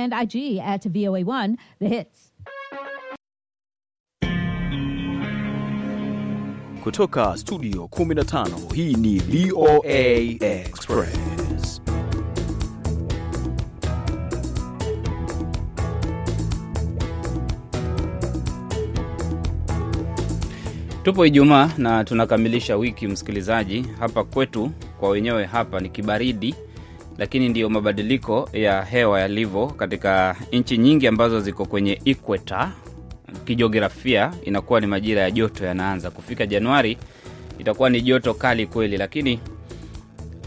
and IG at VOA1 The Hits. Kutoka studio 15 hii ni VOA Express. Tupo Ijumaa na tunakamilisha wiki msikilizaji, hapa kwetu kwa wenyewe hapa ni kibaridi lakini ndiyo mabadiliko ya hewa yalivyo katika nchi nyingi ambazo ziko kwenye ikweta. Kijiografia inakuwa ni majira ya joto yanaanza kufika. Januari itakuwa ni joto kali kweli, lakini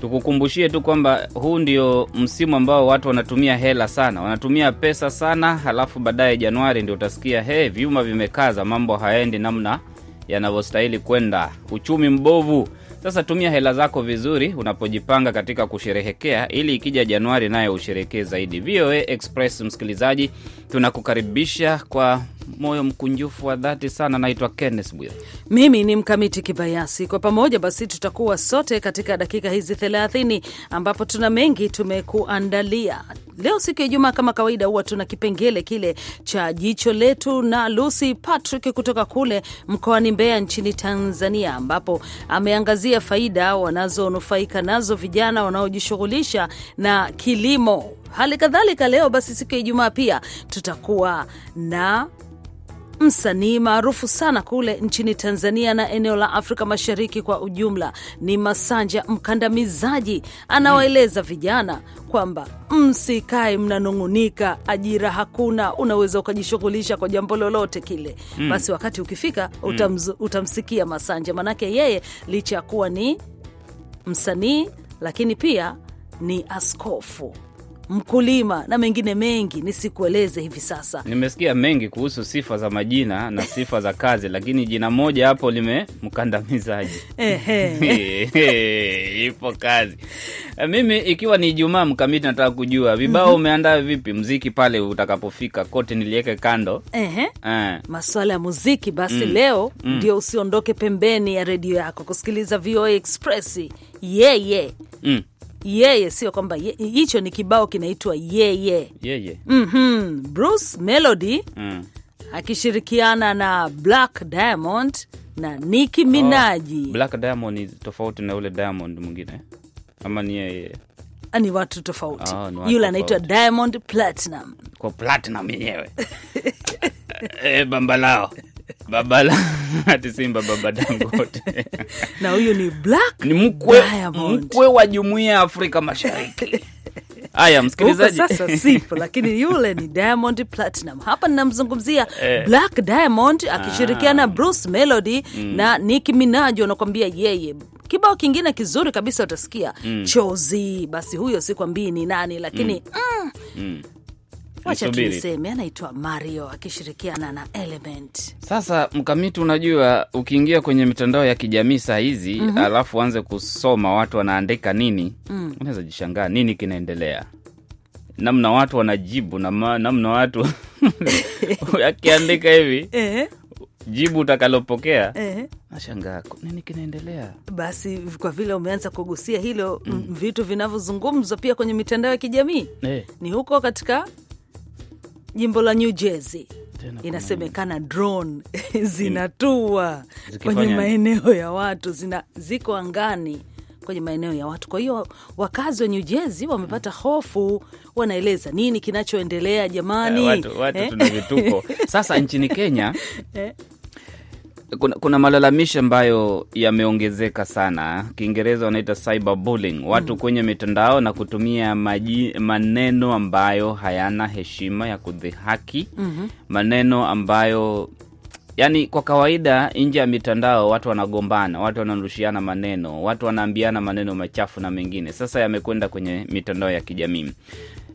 tukukumbushie tu kwamba huu ndio msimu ambao watu wanatumia hela sana, wanatumia pesa sana, halafu baadaye Januari ndio utasikia he, vyuma vimekaza, mambo hayaendi namna yanavyostahili kwenda, uchumi mbovu. Sasa tumia hela zako vizuri unapojipanga katika kusherehekea, ili ikija Januari nayo usherekee zaidi. VOA Express, msikilizaji, tunakukaribisha kwa moyo mkunjufu wa dhati sana. Naitwa Kenneth Bwire, mimi ni Mkamiti Kibayasi. Kwa pamoja basi tutakuwa sote katika dakika hizi thelathini ambapo tuna mengi tumekuandalia leo. Siku ya Ijumaa kama kawaida, huwa tuna kipengele kile cha jicho letu na Lucy Patrick kutoka kule mkoani Mbeya nchini Tanzania, ambapo ameangazia kuangalia faida wanazonufaika nazo vijana wanaojishughulisha na kilimo. Hali kadhalika leo basi, siku ya Ijumaa pia tutakuwa na msanii maarufu sana kule nchini Tanzania na eneo la Afrika Mashariki kwa ujumla, ni Masanja Mkandamizaji, anawaeleza vijana kwamba msikae mnanung'unika, ajira hakuna, unaweza ukajishughulisha kwa jambo lolote kile. Mm. Basi wakati ukifika mm. utamz, utamsikia Masanja, manake yeye licha ya kuwa ni msanii lakini pia ni askofu mkulima na mengine mengi nisikueleze hivi sasa. Nimesikia mengi kuhusu sifa za majina na sifa za kazi, lakini jina moja hapo limemkandamizaji ipo kazi. Eh, mimi ikiwa ni Ijumaa mkamiti, nataka kujua vibao mm -hmm. umeandaa vipi mziki pale utakapofika? Kote niliweke kando eh. maswala ya muziki basi. Mm. Leo mm. ndio usiondoke pembeni ya redio yako kusikiliza VOA Express yeye yeah, yeah. mm yeye, sio kwamba hicho ni kibao kinaitwa yeye yeye. mm -hmm. Bruce Melody mm. akishirikiana na Black Diamond na Nicki Minaji. Oh, Black Diamond ni tofauti na ule Diamond mwingine ama ni yeye? Ah, ni watu tofauti. Oh, yule anaitwa Diamond Platinum, kwa Platinum yenyewe e, eh, bambalao Babala ati Simba baba Dangote na huyu ni Black, ni mkwe, mkwe wa jumuiya ya Afrika Mashariki. Haya msikilizaji, sasa sipo, lakini yule ni Diamond Platinum. Hapa ninamzungumzia eh, Black Diamond ah. akishirikiana ah, Bruce Melody mm, na Nicki Minaj wanakuambia yeye kibao kingine kizuri kabisa utasikia mm, chozi. Basi huyo sikwambii ni nani, lakini mm. Mm, mm wacha tuliseme, anaitwa Mario akishirikiana na Element. Sasa mkamiti, unajua ukiingia kwenye mitandao ya kijamii saa hizi mm -hmm. alafu uanze kusoma watu wanaandika nini mm. unaweza jishangaa nini kinaendelea, namna watu wanajibu na namna watu akiandika hivi eh. jibu utakalopokea eh, nashangaa nini kinaendelea. Basi kwa vile umeanza kugusia hilo mm, vitu vinavyozungumzwa pia kwenye mitandao ya kijamii eh, ni huko katika jimbo la New Jersey inasemekana drone zinatua kwenye maeneo ya watu zina, ziko angani kwenye maeneo ya watu. Kwa hiyo wakazi wa New Jersey wamepata mm. hofu, wanaeleza nini kinachoendelea jamani. Eh, watu, watu eh, tuna vituko sasa. Nchini Kenya eh, kuna, kuna malalamishi ambayo yameongezeka sana, Kiingereza wanaita cyberbullying, watu mm, kwenye mitandao na kutumia maji, maneno ambayo hayana heshima ya kudhihaki mm -hmm. maneno ambayo yani kwa kawaida nje ya mitandao watu wanagombana, watu wanarushiana maneno, watu wanaambiana maneno machafu na mengine, sasa yamekwenda kwenye mitandao ya kijamii.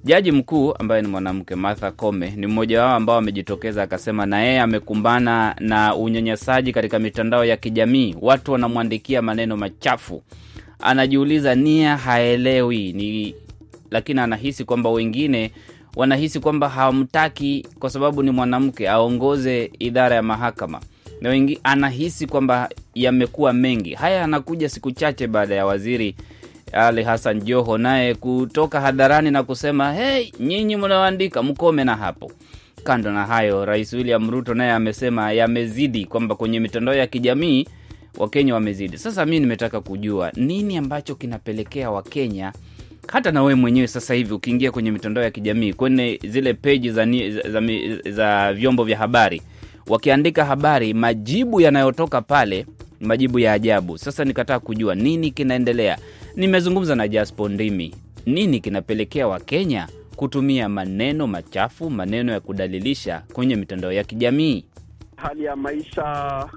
Jaji mkuu ambaye ni mwanamke Martha Koome ni mmoja wao ambao amejitokeza akasema na yeye amekumbana na unyanyasaji katika mitandao ya kijamii, watu wanamwandikia maneno machafu, anajiuliza nia, haelewi ni lakini anahisi kwamba wengine wanahisi kwamba hawamtaki kwa sababu ni mwanamke aongoze idara ya mahakama, na wengi anahisi kwamba yamekuwa mengi. Haya yanakuja siku chache baada ya waziri ali Hassan Joho naye kutoka hadharani na kusema hey, nyinyi mnaoandika mkome na hapo. Kando na hayo, Rais William Ruto naye amesema yamezidi, kwamba kwenye mitandao ya kijamii Wakenya wamezidi. Sasa mi nimetaka kujua nini ambacho kinapelekea Wakenya hata na wewe mwenyewe sasa hivi ukiingia kwenye mitandao ya kijamii kwenye zile peji za, za, za, za vyombo vya habari wakiandika habari, majibu yanayotoka pale, majibu ya ajabu. Sasa nikataka kujua nini kinaendelea. Nimezungumza na Jaspo Ndimi, nini kinapelekea Wakenya kutumia maneno machafu, maneno ya kudalilisha kwenye mitandao ya kijamii? Hali ya maisha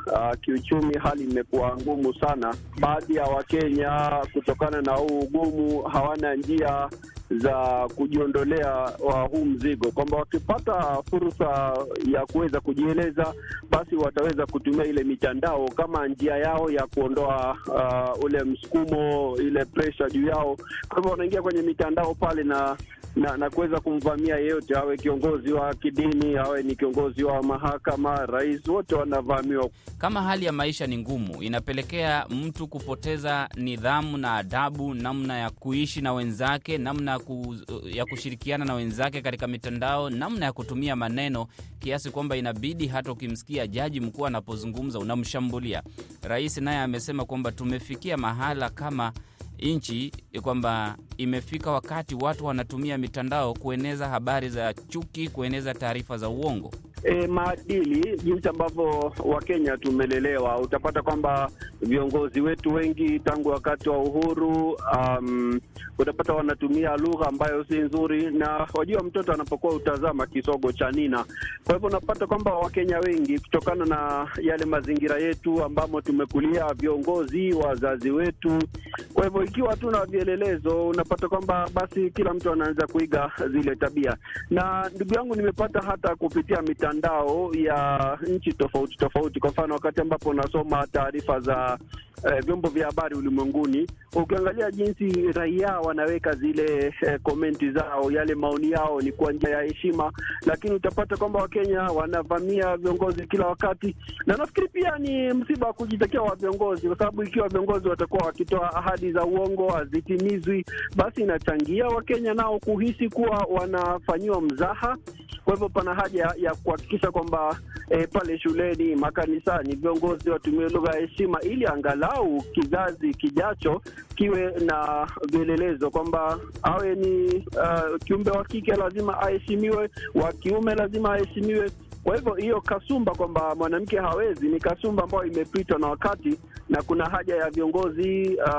uh, kiuchumi, hali imekuwa ngumu sana. Baadhi ya Wakenya kutokana na huu ugumu hawana njia za kujiondolea huu mzigo, kwamba wakipata fursa ya kuweza kujieleza, basi wataweza kutumia ile mitandao kama njia yao ya kuondoa uh, ule msukumo, ile presha juu yao. Kwa hivyo wanaingia kwenye mitandao pale na na, na kuweza kumvamia yeyote, awe kiongozi wa kidini, awe ni kiongozi wa mahakama, rais, wote wanavamiwa. Kama hali ya maisha ni ngumu, inapelekea mtu kupoteza nidhamu na adabu, namna ya kuishi na wenzake, namna ku, ya kushirikiana na wenzake katika mitandao, namna ya kutumia maneno, kiasi kwamba inabidi hata ukimsikia jaji mkuu anapozungumza unamshambulia. Rais naye amesema kwamba tumefikia mahala kama nchi kwamba imefika wakati watu wanatumia mitandao kueneza habari za chuki, kueneza taarifa za uongo. E, maadili, jinsi ambavyo Wakenya tumelelewa, utapata kwamba viongozi wetu wengi tangu wakati wa uhuru, um, utapata wanatumia lugha ambayo si nzuri, na wajua mtoto anapokuwa utazama kisogo cha nina. Kwa hivyo unapata kwamba Wakenya wengi kutokana na yale mazingira yetu ambamo tumekulia, viongozi wazazi wetu. Kwa hivyo ikiwa tuna vielelezo, unapata kwamba basi kila mtu anaanza kuiga zile tabia, na ndugu yangu, nimepata hata kupitia mita mitandao ya nchi tofauti tofauti. Kwa mfano, wakati ambapo unasoma taarifa za eh, vyombo vya habari ulimwenguni, ukiangalia jinsi raia wanaweka zile eh, komenti zao, yale maoni yao ni kwa njia ya heshima, lakini utapata kwamba Wakenya wanavamia viongozi kila wakati, na nafikiri pia ni msiba wa kujitakia wa viongozi, kwa sababu ikiwa viongozi watakuwa wakitoa ahadi za uongo hazitimizwi, basi inachangia Wakenya nao kuhisi kuwa wanafanyiwa mzaha kwa hivyo pana haja ya kuhakikisha kwamba eh, pale shuleni, makanisani, viongozi watumie lugha ya heshima, ili angalau kizazi kijacho kiwe na vielelezo kwamba awe ni uh, kiumbe wa kike lazima aheshimiwe, wa kiume lazima aheshimiwe. Kwa hivyo hiyo kasumba kwamba mwanamke hawezi ni kasumba ambayo imepitwa na wakati, na kuna haja ya viongozi uh,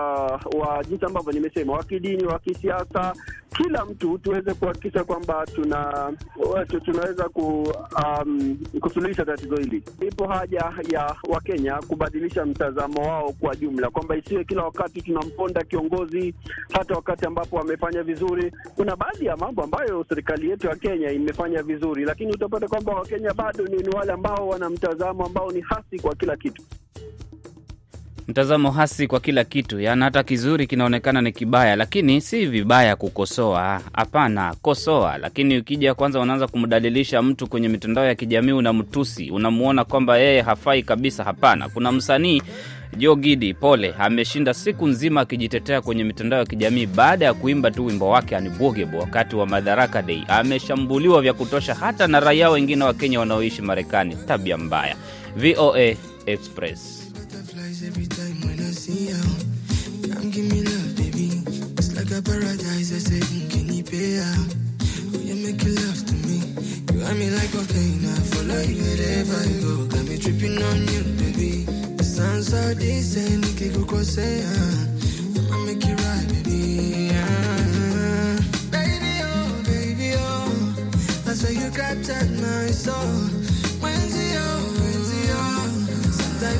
wa jinsi ambavyo nimesema, wa kidini, wa kisiasa, kila mtu tuweze kuhakikisha kwamba tuna watu, tunaweza ku, um, kusuluhisha tatizo hili. Ipo haja ya Wakenya kubadilisha mtazamo wao kwa jumla, kwamba isiwe kila wakati tunamponda kiongozi, hata wakati ambapo wamefanya vizuri. Kuna baadhi ya mambo ambayo serikali yetu ya Kenya imefanya vizuri, lakini utapata kwamba Wakenya bado ni, ni wale ambao wana mtazamo ambao ni hasi kwa kila kitu mtazamo hasi kwa kila kitu, yaani hata kizuri kinaonekana ni kibaya. Lakini si vibaya kukosoa, hapana, kosoa. Lakini ukija kwanza unaanza kumdalilisha mtu kwenye mitandao ya kijamii, unamtusi, unamwona kwamba yeye hafai kabisa, hapana. Kuna msanii jogidi Gidi pole, ameshinda siku nzima akijitetea kwenye mitandao ya kijamii baada ya kuimba tu wimbo wake anibogebo wakati wa Madaraka Day. Ameshambuliwa vya kutosha hata na raia wengine wa Kenya wanaoishi Marekani. Tabia mbaya. VOA Express. every time when I see you. Come give me love, baby. It's like a paradise. I say, can you pay out? Oh, you make you love to me. You are me like cocaine. I follow you wherever you go. Got me tripping on you, baby. The sounds so decent. You can go cross it. Ah, I'ma make right, baby. Yeah. Baby, oh, baby, oh. That's why you captured my soul.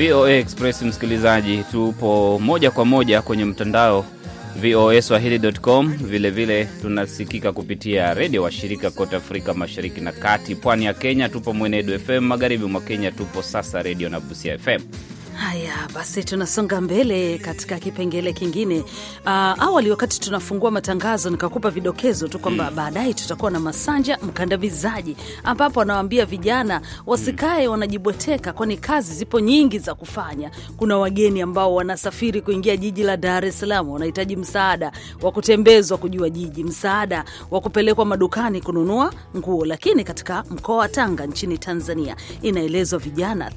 VOA Express msikilizaji, tupo moja kwa moja kwenye mtandao VOA Swahili.com. Vilevile tunasikika kupitia redio washirika kote Afrika Mashariki na Kati. Pwani ya Kenya tupo Mwenedu FM, magharibi mwa Kenya tupo sasa redio na Busia FM. Haya basi, tunasonga mbele katika kipengele kingine. Uh, awali wakati tunafungua matangazo nikakupa vidokezo tu kwamba mm, baadaye tutakuwa na Masanja Mkandamizaji ambapo anawaambia vijana wasikae mm, wanajibweteka, kwani kazi zipo nyingi za kufanya. Kuna wageni ambao wanasafiri kuingia jiji la Dar es Salaam, wanahitaji msaada wa kutembezwa kujua jiji, msaada wa kupelekwa madukani kununua nguo. Lakini katika mkoa wa Tanga nchini Tanzania, inaelezwa vijana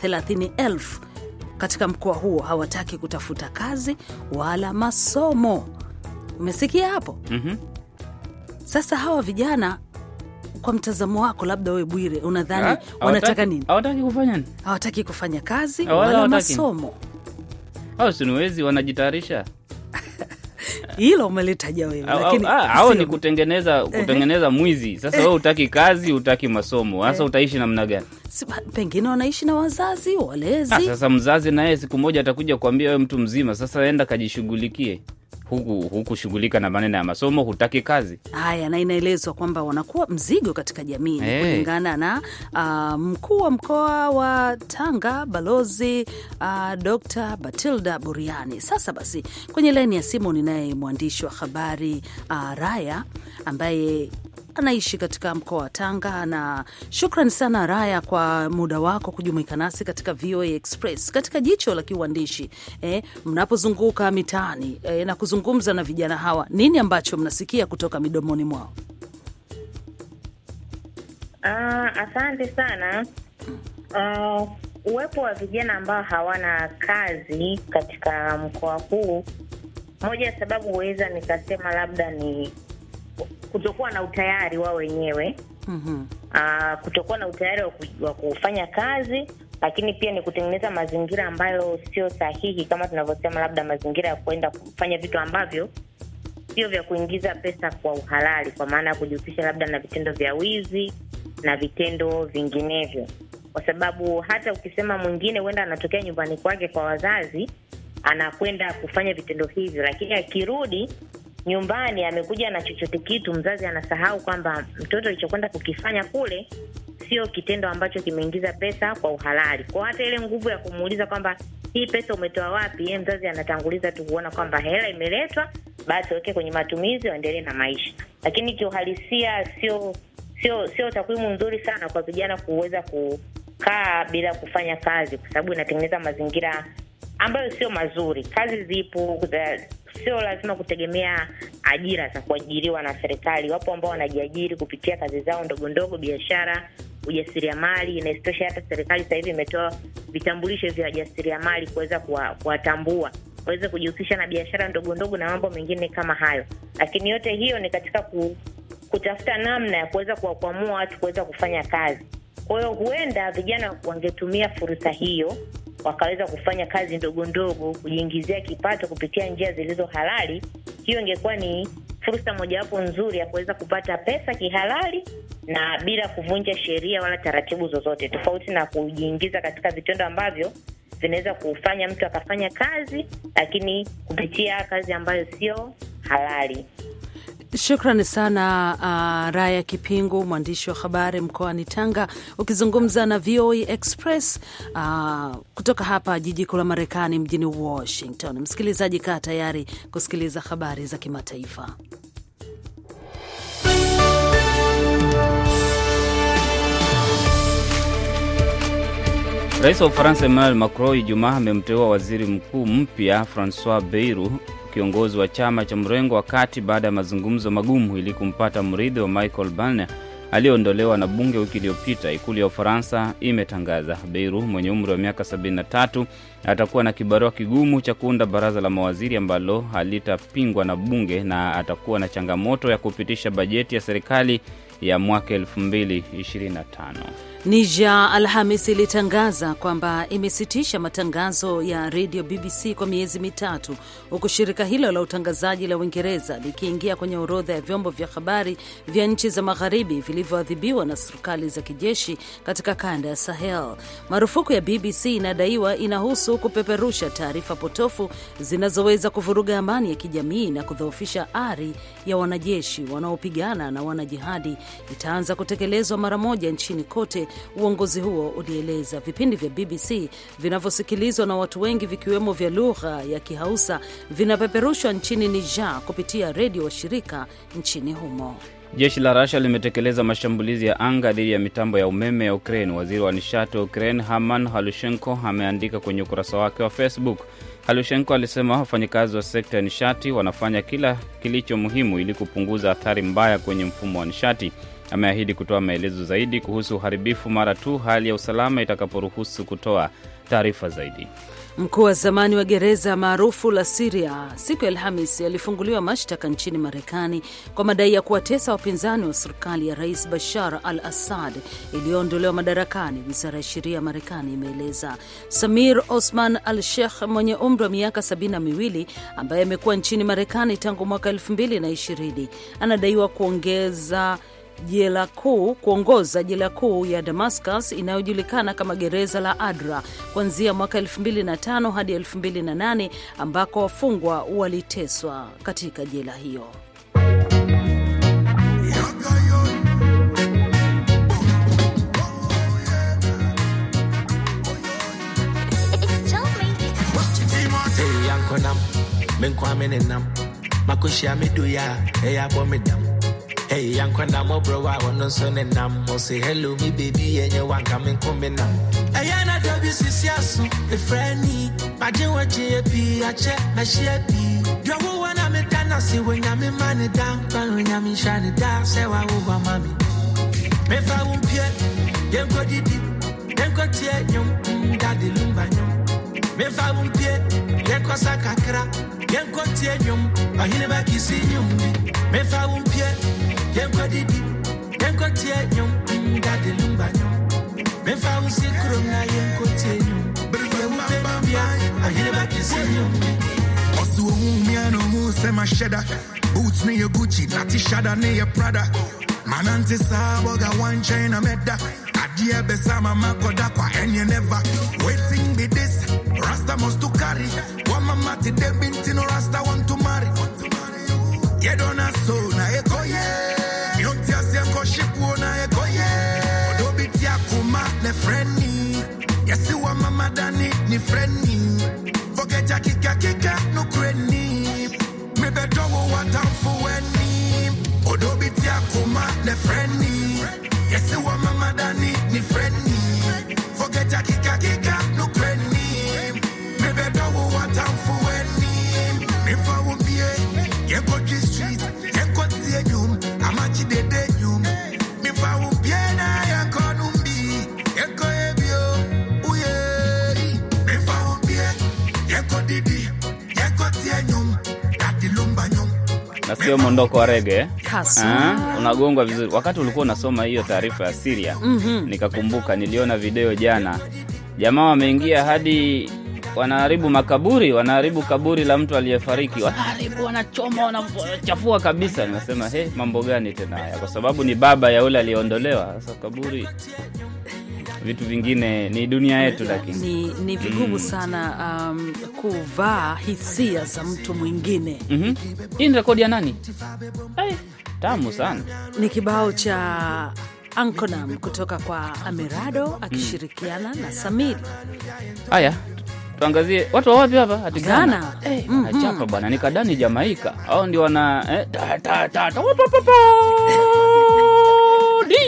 elfu katika mkoa huo hawataki kutafuta kazi wala masomo. Umesikia hapo? mm-hmm. Sasa hawa vijana kwa mtazamo wako, labda we Bwire, unadhani wanataka nini? Hawataki kufanya nini? Hawataki kufanya kazi wala, wala masomo au siniwezi, wanajitayarisha hilo umelitaja wewe, lakini hao ah, ni kutengeneza kutengeneza mwizi. Sasa wewe utaki kazi, utaki masomo, sasa utaishi namna gani? Pengine wanaishi na wazazi ah, walezi. Sasa mzazi naye siku moja atakuja kuambia wewe mtu mzima, sasa enda kajishughulikie huku hukushughulika na maneno ya masomo, hutaki kazi. Haya, na inaelezwa kwamba wanakuwa mzigo katika jamii hey. Eh. Kulingana na uh, mkuu wa mkoa wa Tanga Balozi uh, Dr. Batilda Buriani. Sasa basi, kwenye laini ya simu ninaye mwandishi wa habari uh, Raya ambaye anaishi katika mkoa wa Tanga. Na shukran sana Raya kwa muda wako kujumuika nasi katika VOA Express katika jicho la kiuandishi. Eh, mnapozunguka mitaani eh, na kuzungumza na vijana hawa, nini ambacho mnasikia kutoka midomoni mwao? Uh, asante sana uh, uwepo wa vijana ambao hawana kazi katika mkoa huu, moja ya sababu huweza nikasema labda ni kutokuwa na utayari wao wenyewe mm -hmm. kutokuwa na utayari wa kufanya kazi, lakini pia ni kutengeneza mazingira ambayo sio sahihi, kama tunavyosema, labda mazingira ya kuenda kufanya vitu ambavyo sio vya kuingiza pesa kwa uhalali, kwa maana ya kujihusisha labda na vitendo vya wizi na vitendo vinginevyo, kwa sababu hata ukisema mwingine huenda anatokea nyumbani kwake kwa wazazi, anakwenda kufanya vitendo hivyo, lakini akirudi nyumbani amekuja na chochote kitu, mzazi anasahau kwamba mtoto alichokwenda kukifanya kule sio kitendo ambacho kimeingiza pesa kwa uhalali. Kwa hata ile nguvu ya kumuuliza kwamba hii pesa umetoa wapi, ye mzazi anatanguliza tu kuona kwamba hela imeletwa, basi weke kwenye matumizi, waendelee na maisha. Lakini kiuhalisia sio sio sio takwimu nzuri sana kwa vijana kuweza kukaa bila kufanya kazi, kwa sababu inatengeneza mazingira ambayo sio mazuri. Kazi zipo sio lazima kutegemea ajira za kuajiriwa na serikali. Wapo ambao wanajiajiri kupitia kazi zao ndogo ndogo, biashara, ujasiriamali. Na isitoshe hata serikali sasa hivi imetoa vitambulisho vya wajasiriamali kuweza kuwatambua waweze kujihusisha na biashara ndogo ndogo na mambo mengine kama hayo, lakini yote hiyo ni katika ku, kutafuta namna ya kuweza kuwakwamua watu kuweza kufanya kazi. Kwa hiyo huenda vijana wangetumia fursa hiyo wakaweza kufanya kazi ndogo ndogo kujiingizia kipato kupitia njia zilizo halali, hiyo ingekuwa ni fursa mojawapo nzuri ya kuweza kupata pesa kihalali na bila kuvunja sheria wala taratibu zozote, tofauti na kujiingiza katika vitendo ambavyo vinaweza kufanya mtu akafanya kazi, lakini kupitia kazi ambayo sio halali. Shukrani sana uh, Raya Kipingu, mwandishi wa habari mkoani Tanga, ukizungumza na VOA e Express uh, kutoka hapa jiji kuu la Marekani, mjini Washington. Msikilizaji, kaa tayari kusikiliza habari za kimataifa. Rais wa Ufaransa Emmanuel Macron Ijumaa amemteua waziri mkuu mpya Francois Beiru kiongozi wa chama cha mrengo wa kati baada ya mazungumzo magumu ili kumpata mrithi wa Michael Barnier aliyeondolewa na bunge wiki iliyopita. Ikulu ya Ufaransa imetangaza Beiru mwenye umri wa miaka 73 atakuwa na kibarua kigumu cha kuunda baraza la mawaziri ambalo halitapingwa na bunge na atakuwa na changamoto ya kupitisha bajeti ya serikali ya mwaka 2025. Nija Alhamis ilitangaza kwamba imesitisha matangazo ya redio BBC kwa miezi mitatu, huku shirika hilo la utangazaji la Uingereza likiingia kwenye orodha ya vyombo vya habari vya nchi za magharibi vilivyoadhibiwa na serikali za kijeshi katika kanda ya Sahel. Marufuku ya BBC inadaiwa inahusu kupeperusha taarifa potofu zinazoweza kuvuruga amani ya kijamii na kudhoofisha ari ya wanajeshi wanaopigana na wanajihadi. Itaanza kutekelezwa mara moja nchini kote Uongozi huo ulieleza vipindi vya BBC vinavyosikilizwa na watu wengi vikiwemo vya lugha ya Kihausa vinapeperushwa nchini Niger kupitia redio washirika nchini humo. Jeshi la Rasha limetekeleza mashambulizi ya anga dhidi ya mitambo ya umeme ya Ukraine. Waziri wa nishati wa Ukraine Haman Halushenko ameandika kwenye ukurasa wake wa Facebook. Halushenko alisema wafanyakazi wa sekta ya nishati wanafanya kila kilicho muhimu ili kupunguza athari mbaya kwenye mfumo wa nishati ameahidi kutoa maelezo zaidi kuhusu uharibifu mara tu hali ya usalama itakaporuhusu kutoa taarifa zaidi. Mkuu wa zamani wa gereza maarufu la Siria siku ya Alhamis alifunguliwa mashtaka nchini Marekani kwa madai ya kuwatesa wapinzani wa serikali ya Rais Bashar al Assad iliyoondolewa madarakani, wizara ya sheria ya Marekani imeeleza. Samir Osman al Sheikh mwenye umri wa miaka sabini na miwili ambaye amekuwa nchini Marekani tangu mwaka elfu mbili na ishirini anadaiwa kuongeza jela kuu kuongoza jela kuu ya Damascus inayojulikana kama gereza la Adra kuanzia mwaka 2005 hadi 2008 ambako wafungwa waliteswa katika jela hiyo. Hey, Hey, I'm Yankwana mo bro, I want no son and I'm say hello, me baby, and you want coming coming now. Hey, Anna WCC, a friendly, Majin Wachi, a P, a check, a share P. Draw one, I'm a dana, see when I'm in money down, but when I'm in shiny down, say, I will my mommy. If I won't here. then go deep. it, then go tear, young, mm, daddy, lumba, young. If I won't here yɛkɔsa kakra yɛnkɔtie nnwom ɔhene bɛkisi nnwom mefa wo mpie yɛnkɔdidi yɛnkɔtie nnwom ndade lumba nnwom mefa wo si kurom na yɛnkɔtie nnwom berewobɛnubia ɔhene bɛkisi nnwom Ɔsi ohun mi ɛna ohun sɛ ma boots ne yɛ gucci nati shada ne yɛ prada manante saboga one wankyɛn na mɛda adeɛ bɛsa mama kɔda kwa ɛneɛ waiting be this Rasta must to carry. One mama to them binti no Rasta want to marry. You don't have so na eko ye. You don't have so ko shipu na eko ye. Odo biti akuma ne friendly. Yesi you mama dani ni friendly. Forget ya kika kika no cranny. Me better one watam for when ni. Odo oh, biti akuma ne friendly. Yesi you mama dani sio mondoko wa rege ah, unagongwa vizuri. Wakati ulikuwa unasoma hiyo taarifa ya siria mm -hmm. Nikakumbuka niliona video jana, jamaa wameingia hadi wanaharibu makaburi, wanaharibu kaburi la mtu aliyefariki, wanaharibu, wanachoma, wanachafua kabisa. Nimesema he, mambo gani tena haya? Kwa sababu ni baba ya yule aliyeondolewa. Sasa kaburi vitu vingine ni dunia yetu, lakini ni, ni vigumu mm. sana um, kuvaa hisia za mtu mwingine mm -hmm. Hii ni rekodi ya nani? Hey, eh, tamu sana. Ni kibao cha Anconam kutoka kwa Amirado akishirikiana mm. na Samiri. Haya, tuangazie watu wa wapi hapa? Ati Ghana. Eh, wanachapa mm-hmm. ah, bwana, nikadani Jamaika au ndio wana eh, ta ta, ta, ta, ta, ta, ta, ta, ta.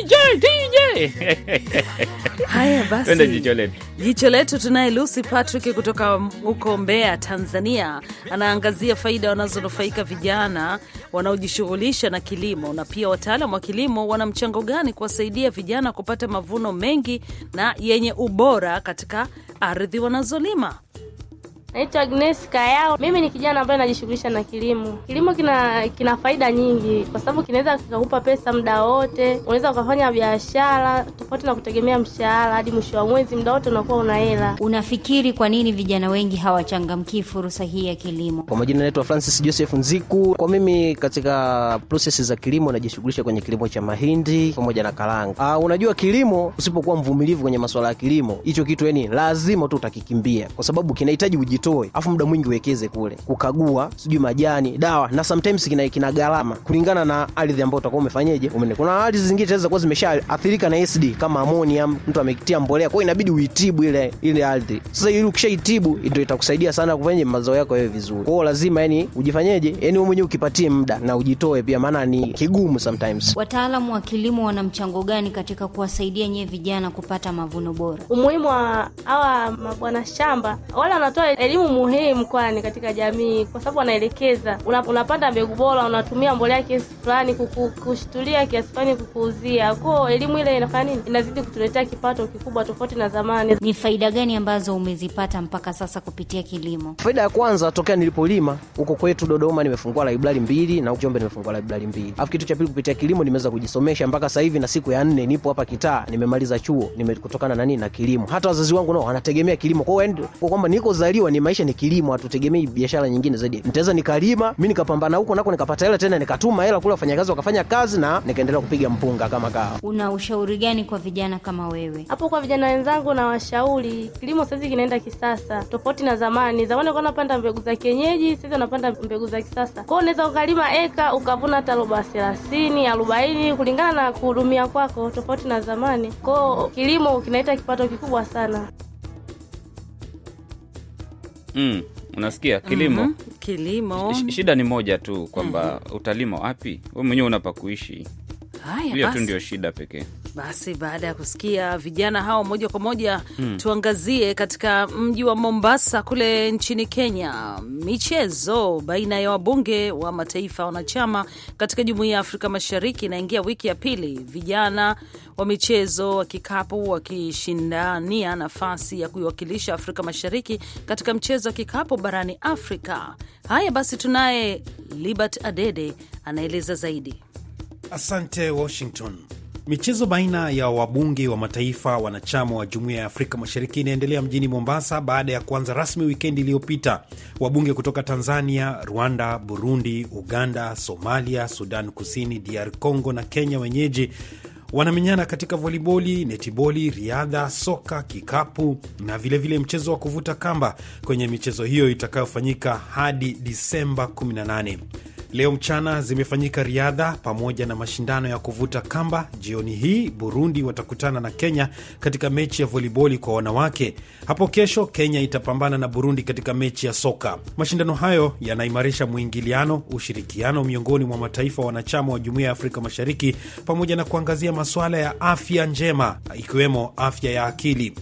DJ, DJ. Haya basi, twende jicho letu. Jicho letu tunaye Lucy Patrick kutoka huko Mbeya, Tanzania. Anaangazia faida wanazonufaika vijana wanaojishughulisha na kilimo, na pia wataalam wa kilimo wana mchango gani kuwasaidia vijana kupata mavuno mengi na yenye ubora katika ardhi wanazolima. Naitwa Agnes Kayao. Mimi ni kijana ambaye najishughulisha na kilimo. Kilimo kina kina faida nyingi, kwa sababu kinaweza kikakupa pesa muda wote, unaweza ukafanya biashara tofauti na kutegemea mshahara, hadi mwisho wa mwezi, muda wote unakuwa una hela. Unafikiri kwa nini vijana wengi hawachangamki fursa hii ya kilimo? Kwa majina naitwa Francis Joseph Nziku. Kwa mimi katika process za kilimo najishughulisha kwenye kilimo cha mahindi pamoja na karanga. Ah, unajua kilimo, usipokuwa mvumilivu kwenye masuala ya kilimo, hicho kitu yani lazima tu utakikimbia, kwa sababu kinahitaji ujitu usitoe, afu muda mwingi uwekeze kule kukagua, sijui majani, dawa na sometimes kina, kina gharama kulingana na ardhi ambayo utakuwa umefanyeje. Kuna ardhi zingine zinaweza kuwa zimeshaathirika na SD kama ammonium, mtu amekitia mbolea, kwa hiyo inabidi uitibu ile ile ardhi. Sasa ili ukishaitibu ndio itakusaidia sana kufanya mazao yako yawe vizuri. kwao lazima yani ujifanyeje, yani wewe mwenyewe ukipatie muda na ujitoe pia, maana ni kigumu sometimes. Wataalamu wa kilimo wana mchango gani katika kuwasaidia nyie vijana kupata mavuno bora? Umuhimu wa hawa mabwana shamba wale wanatoa elimu elimu muhimu kwani katika jamii, kwa sababu wanaelekeza unapanda mbegu bora, unatumia mbolea kiasi fulani kushitulia kiasi fulani kukuuzia. ko elimu ile inafanya nini, inazidi kutuletea kipato kikubwa tofauti na zamani. Ni faida gani ambazo umezipata mpaka sasa kupitia kilimo? Faida ya kwanza, tokea nilipolima huko kwetu Dodoma nimefungua laibrari mbili na Njombe nimefungua laibrari mbili, afu kitu cha pili, kupitia kilimo nimeweza kujisomesha mpaka sasa hivi, na siku ya nne nipo hapa kitaa, nimemaliza chuo nimekutokana kutokana na nini na kilimo. Hata wazazi wangu nao wanategemea kilimo, kwa kwamba niko zaliwa ni maisha, ni kilimo, hatutegemei biashara nyingine zaidi. Nitaweza nikalima mimi nikapambana huko nako nikapata hela tena nikatuma hela kule wafanyakazi wakafanya kazi na nikaendelea kupiga mpunga kama kawa. Una ushauri gani kwa vijana kama wewe hapo? Kwa vijana wenzangu na washauri, kilimo sasa kinaenda kisasa tofauti na zamani. Zamani walikuwa wanapanda mbegu za kienyeji, sasa wanapanda mbegu za kisasa. Kwao unaweza ukalima eka ukavuna hata roba thelathini arobaini kulingana na kuhudumia kwako, tofauti na zamani. Kwao kilimo kinaita kipato kikubwa sana. Mm, unasikia kilimo mm -hmm. Kilimo shida ni moja tu kwamba mm -hmm. utalima wapi? We mwenyewe unapakuishi pa hiyo tu ndio shida pekee. Basi baada ya kusikia vijana hao moja kwa moja mm, tuangazie katika mji wa Mombasa kule nchini Kenya, michezo baina ya wabunge wa mataifa wanachama katika jumuiya ya Afrika Mashariki inaingia wiki ya pili, vijana wa michezo wa kikapu wakishindania nafasi ya kuiwakilisha Afrika Mashariki katika mchezo wa kikapu barani Afrika. Haya basi, tunaye Libert Adede anaeleza zaidi. Asante Washington. Michezo baina ya wabunge wa mataifa wanachama wa Jumuiya ya Afrika Mashariki inaendelea mjini Mombasa baada ya kuanza rasmi wikendi iliyopita. Wabunge kutoka Tanzania, Rwanda, Burundi, Uganda, Somalia, Sudan Kusini, DR Congo na Kenya wenyeji wanamenyana katika voliboli, netiboli, riadha, soka, kikapu na vilevile vile mchezo wa kuvuta kamba kwenye michezo hiyo itakayofanyika hadi Disemba 18. Leo mchana zimefanyika riadha pamoja na mashindano ya kuvuta kamba. Jioni hii Burundi watakutana na Kenya katika mechi ya voliboli kwa wanawake. Hapo kesho Kenya itapambana na Burundi katika mechi ya soka. Mashindano hayo yanaimarisha mwingiliano, ushirikiano miongoni mwa mataifa wanachama wa Jumuiya ya Afrika Mashariki pamoja na kuangazia masuala ya afya njema ikiwemo afya ya akili.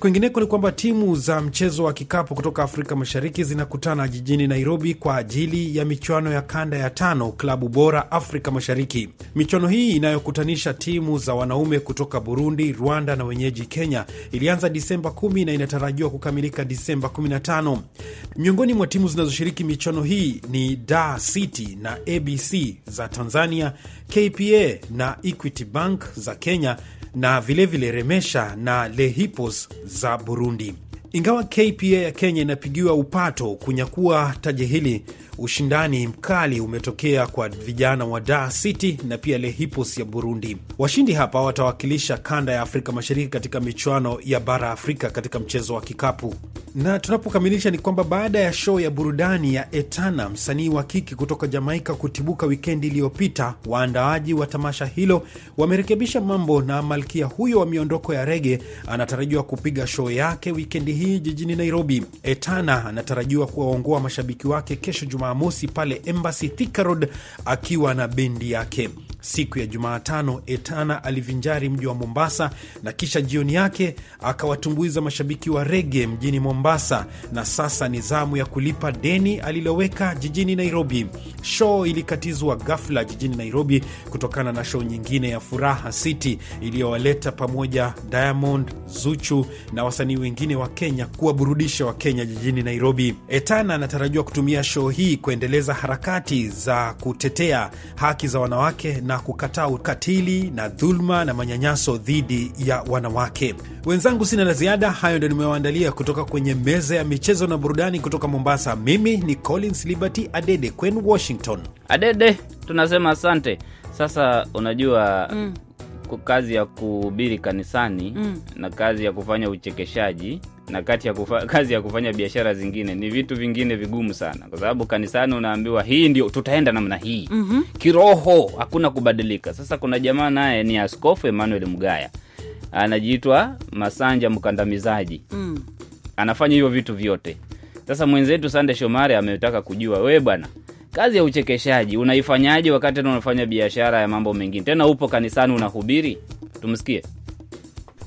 Kwingineko ni kwamba timu za mchezo wa kikapu kutoka Afrika Mashariki zinakutana jijini Nairobi kwa ajili ya michuano ya kanda ya tano klabu bora Afrika Mashariki. Michuano hii inayokutanisha timu za wanaume kutoka Burundi, Rwanda na wenyeji Kenya ilianza Disemba 10 na inatarajiwa kukamilika Disemba 15. Miongoni mwa timu zinazoshiriki michuano hii ni Dar City na ABC za Tanzania, KPA na Equity Bank za Kenya na vilevile vile Remesha na Lehipos za Burundi. Ingawa KPA ya Kenya inapigiwa upato kunyakua taji hili, ushindani mkali umetokea kwa vijana wa Dar City na pia Lehipos ya Burundi. Washindi hapa watawakilisha kanda ya Afrika Mashariki katika michuano ya bara Afrika katika mchezo wa kikapu. Na tunapokamilisha ni kwamba baada ya show ya burudani ya Etana, msanii wa kiki kutoka Jamaika, kutibuka wikendi iliyopita, waandaaji wa tamasha hilo wamerekebisha mambo na malkia huyo wa miondoko ya rege anatarajiwa kupiga show yake wikendi hii jijini Nairobi. Etana anatarajiwa kuwaongoa mashabiki wake kesho Jumamosi pale Embassy Thika Road akiwa na bendi yake. Siku ya Jumatano, Etana alivinjari mji wa Mombasa na kisha jioni yake akawatumbuiza mashabiki wa rege mjini Mombasa, na sasa ni zamu ya kulipa deni aliloweka jijini Nairobi. Show ilikatizwa ghafla jijini Nairobi kutokana na show nyingine ya Furaha City iliyowaleta pamoja Diamond, Zuchu na wasanii wengine wa Kenya kuwaburudisha wa kenya jijini Nairobi. Etana anatarajiwa kutumia show hii kuendeleza harakati za kutetea haki za wanawake na na kukataa ukatili na dhuluma na manyanyaso dhidi ya wanawake. Wenzangu, sina la ziada. Hayo ndio nimewaandalia kutoka kwenye meza ya michezo na burudani kutoka Mombasa. Mimi ni Collins Liberty Adede kwenu Washington. Adede, tunasema asante. Sasa unajua mm. kazi ya kuhubiri kanisani mm. na kazi ya kufanya uchekeshaji na kati ya kufa, kazi ya kufanya biashara zingine ni vitu vingine vigumu sana, kwa sababu kanisani unaambiwa hii ndio tutaenda namna hii mm -hmm. Kiroho hakuna kubadilika. Sasa kuna jamaa naye ni Askofu Emmanuel Mgaya anajiitwa Masanja Mkandamizaji mm. anafanya hivyo vitu vyote. Sasa mwenzetu Sande Shomari ametaka kujua, we bwana, kazi ya uchekeshaji unaifanyaje wakati tena unafanya biashara ya mambo mengine, tena upo kanisani unahubiri? Tumsikie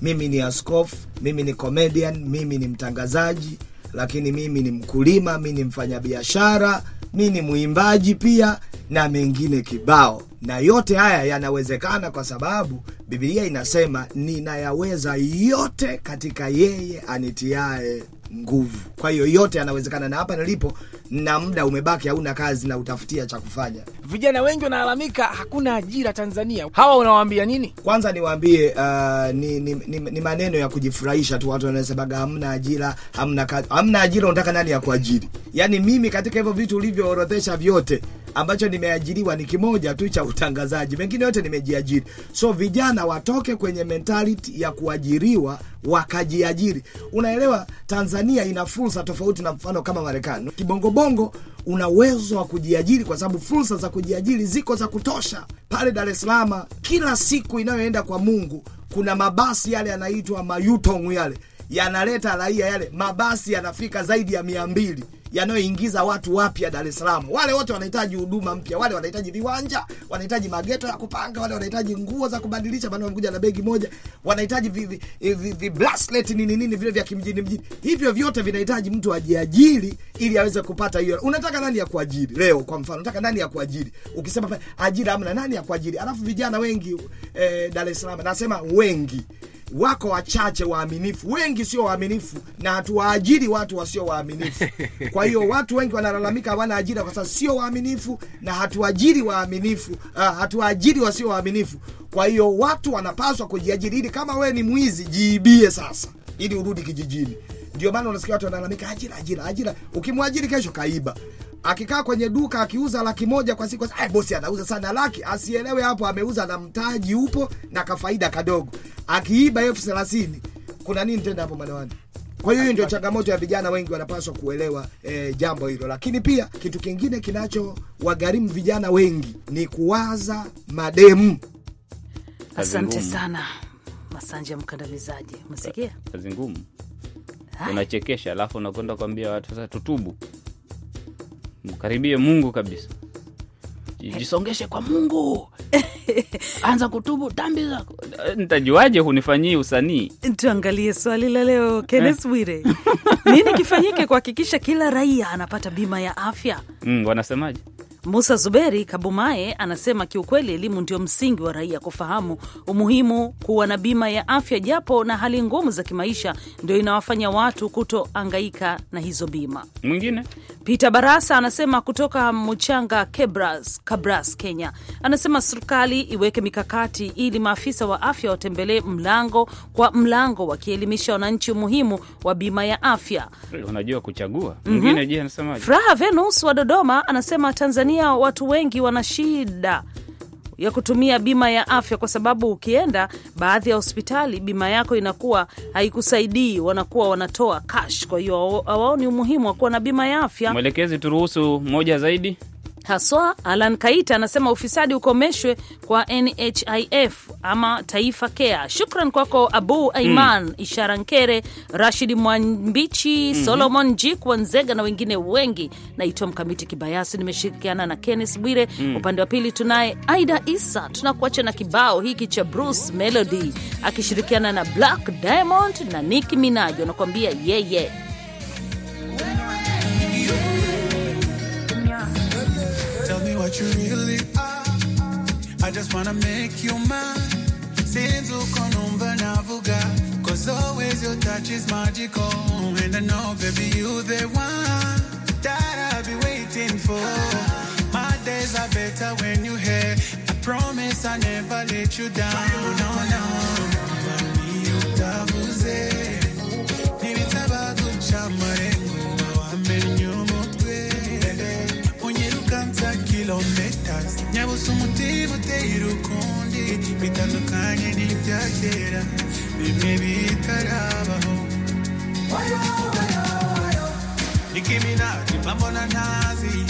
mimi ni askofu, mimi ni comedian, mimi ni mtangazaji, lakini mimi ni mkulima, mi ni mfanyabiashara, mi ni mwimbaji pia na mengine kibao, na yote haya yanawezekana kwa sababu Biblia inasema ninayaweza yote katika yeye anitiae nguvu. Kwa hiyo yote yanawezekana, na hapa nilipo na muda umebaki, hauna kazi na utafutia cha kufanya. Vijana wengi wanalalamika hakuna ajira Tanzania, hawa unawaambia nini? Kwanza niwaambie uh, ni, ni, ni, ni maneno ya kujifurahisha tu. Watu wanasemaga hamna ajira, hamna kazi, hamna ajira. Unataka nani ya kuajiri? Yani mimi katika hivyo vitu ulivyoorodhesha vyote ambacho nimeajiriwa ni kimoja tu cha utangazaji, mengine yote nimejiajiri. So vijana watoke kwenye mentality ya kuajiriwa wakajiajiri. Unaelewa, Tanzania ina fursa tofauti na mfano kama Marekani kibongo ubongo una uwezo wa kujiajiri kwa sababu fursa za kujiajiri ziko za kutosha pale Dar es Salaam. Kila siku inayoenda kwa Mungu kuna mabasi yale yanaitwa mayutong yale yanaleta raia yale mabasi yanafika zaidi ya mia mbili yanayoingiza watu wapya Dar es Salaam. Wale wote wanahitaji huduma mpya, wale wanahitaji viwanja, wanahitaji mageto ya kupanga, wale wanahitaji nguo za kubadilisha, maana wamekuja na begi moja, wanahitaji vi, vi, vi, eh, vi, vi bracelet nini nini vile vya kimjini mjini. Hivyo vyote vinahitaji mtu ajiajiri ili aweze kupata hiyo. Unataka nani ya kuajiri leo? Kwa mfano, unataka nani ya kuajiri? Ukisema ajira amna, nani ya kuajiri? Alafu vijana wengi eh, Dar es Salaam, nasema wengi wako wachache waaminifu, wengi sio waaminifu, na hatuwaajiri watu wasio waaminifu. Kwa hiyo watu wengi wanalalamika hawana ajira kwa sababu sio waaminifu, na hatuajiri waaminifu, uh, ah, hatuajiri wasio waaminifu. Kwa hiyo watu wanapaswa kujiajiri, ili kama wewe ni mwizi jiibie sasa, ili urudi kijijini. Ndio maana unasikia watu wanalalamika ajira, ajira, ajira. Ukimwajiri kesho kaiba akikaa kwenye duka akiuza laki moja kwa siku, eh, bosi anauza sana laki, asielewe hapo ameuza na mtaji upo na kafaida kadogo, akiiba elfu thelathini kuna nini tenda hapo madawani? Kwa hiyo hiyo ndio changamoto ya vijana wengi, wanapaswa kuelewa eh, jambo hilo. Lakini pia kitu kingine kinacho wagharimu vijana wengi ni kuwaza mademu. Asante sana Masanja mkandamizaji, umesikia kazi ngumu, unachekesha alafu unakwenda kuambia watu sasa tutubu mkaribie Mungu kabisa, eh. jisongeshe kwa Mungu anza kutubu tambi zako. Ntajuaje hunifanyii usanii? Tuangalie swali la leo, Kennes eh. wire Nini kifanyike kuhakikisha kila raia anapata bima ya afya? Mm, wanasemaje? Musa Zuberi Kabumae anasema kiukweli, elimu ndio msingi wa raia kufahamu umuhimu kuwa na bima ya afya, japo na hali ngumu za kimaisha ndio inawafanya watu kutoangaika na hizo bima. Mwingine Peter Barasa anasema kutoka Muchanga Kebras, Kabras, Kenya, anasema serikali iweke mikakati ili maafisa wa afya watembelee mlango kwa mlango, wakielimisha wananchi umuhimu wa bima ya afya. Unajua kuchagua. Mhm. Mwingine je, Furaha Venus wa Dodoma anasema Tanzania Tanzania watu wengi wana shida ya kutumia bima ya afya kwa sababu ukienda baadhi ya hospitali bima yako inakuwa haikusaidii, wanakuwa wanatoa cash. Kwa hiyo hawaoni umuhimu wa kuwa na bima ya afya. Mwelekezi, turuhusu moja zaidi haswa. Alan Kaita anasema ufisadi ukomeshwe kwa NHIF ama Taifa Care. Shukran kwako Abu Aiman mm. Ishara Nkere, Rashid Mwambichi mm -hmm. Solomon Jikwa Nzega na wengine wengi. Naitwa Mkamiti Kibayasi, nimeshirikiana na kennes Bwire mm. upande wa pili tunaye Aida Isa. Tunakuacha na kibao hiki cha Bruce Melody akishirikiana na Black Diamond na Nicki Minaj, anakuambia yeye yeah, yeah. what you really are. I just wanna make you mine. Since you come over Navuga, cause always your touch is magical. And I know, baby, you the one that I'll be waiting for. My days are better when you are here. I promise I never let you down. No, no. kilometers nyabuze umutima uteye urukundi bitandukanye n'ibya kera bimwe bitarabaho nicki minaj mbambona ntazi